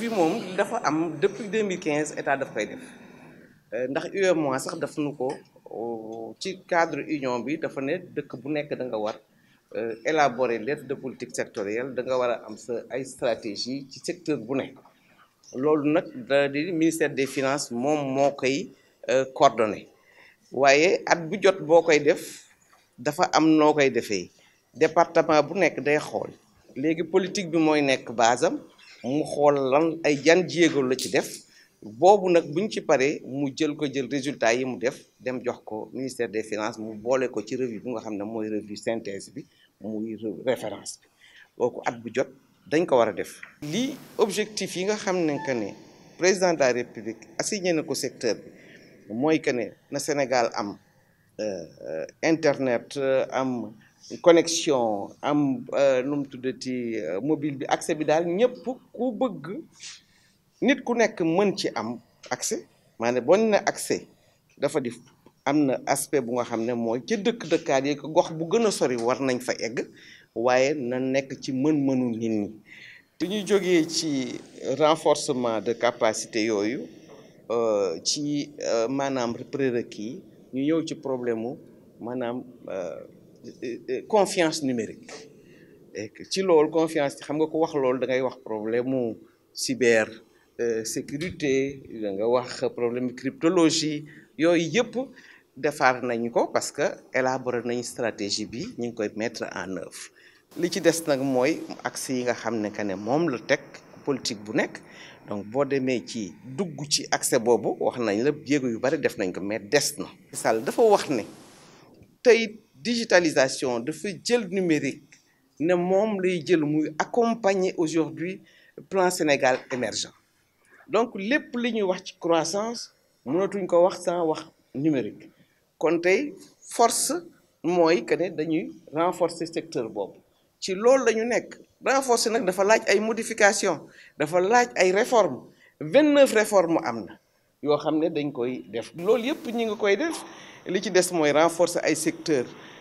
bi moom dafa am depuis 2015 état daf koy def euh, ndax UEMOA sax daf ko euh, ci cadre union bi dafa ne dëkk bu nekk da nga war euh, élaborer lettre de politique sectorielle da nga war am sa stratégie ci secteur bu nekk loolu nag da di ministère des finances moom moo koy coordonné waaye at bu jot boo koy def dafa am noo koy département bu nekk day xool léegi politique bi mooy nekk basam mu xool lan ay jan jéego la ci def boobu nag buñ ci paree mu jël ko jël résultat yi mu def dem jox ko ministère des finances mu boole ko ci revue bu nga xam ne mooy revue synthèse bi muy référence bi kooku at bu jot dañ ko war a def. lii objectif yi nga xam ne que ne président de la république assigné na ko secteur bi mooy que ne na Sénégal am euh, euh, internet euh, am. connexion am euh, nu mu tuddati euh, mobile bi accès bi daal ñëpp ku bëgg nit ku nekk mën ci am accès maanaam boo na accès dafa di am na aspect bu nga xam ne mooy ca dëkk-dëkkaat yi gox bu gën a sori war nañ fa egg waaye na nekk ci mën-mënu nit ñi bu ñu jógee ci renforcement de capacité yooyu euh, ci maanaam prérequis yi ñu ñëw ci problème mu maanaam confiance numérique et que ci loolu confiance xam nga ko wax loolu da ngay wax problème mu cyber euh, sécurité da nga wax problème cryptologie yooyu yëpp defar nañ ko parce que élaborer nañ stratégie bi ñu ngi koy mettre en œuvre li ci dess nak moy axe yi nga xamne kané mom le tek politique bu nek donc bo démé ci dugg ci accès bobu wax nañ la jéego yu bari def nañ ko mais dess na. Sall dafa wax né tey digitalisation dafa jël numérique ne moom lay jël muy accompagner aujourd'hui plan Sénégal émergent donc lépp li ñuy wax ci croissance nous ko wax sans wax numérique kon force mooy que ne dañuy renforcer secteur Bob. ci loolu la ñu renforcer nag dafa laaj ay modification dafa laaj ay réforme 29 réformes réforme am na dañ koy def lool yépp ñi ngi koy def li ci dess moy renforcer ay secteur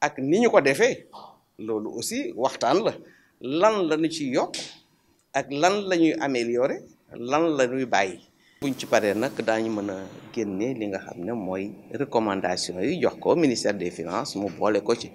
ak ni ñu ko defee loolu aussi waxtaan la lan la ñu ci yokk ak lan la ñuy améliorer lan la ñuy bàyyi. buñ ci paree nag daañu mën a génne li nga xam ne mooy recommandation yi jox ko ministère des finances mu boole ko ci.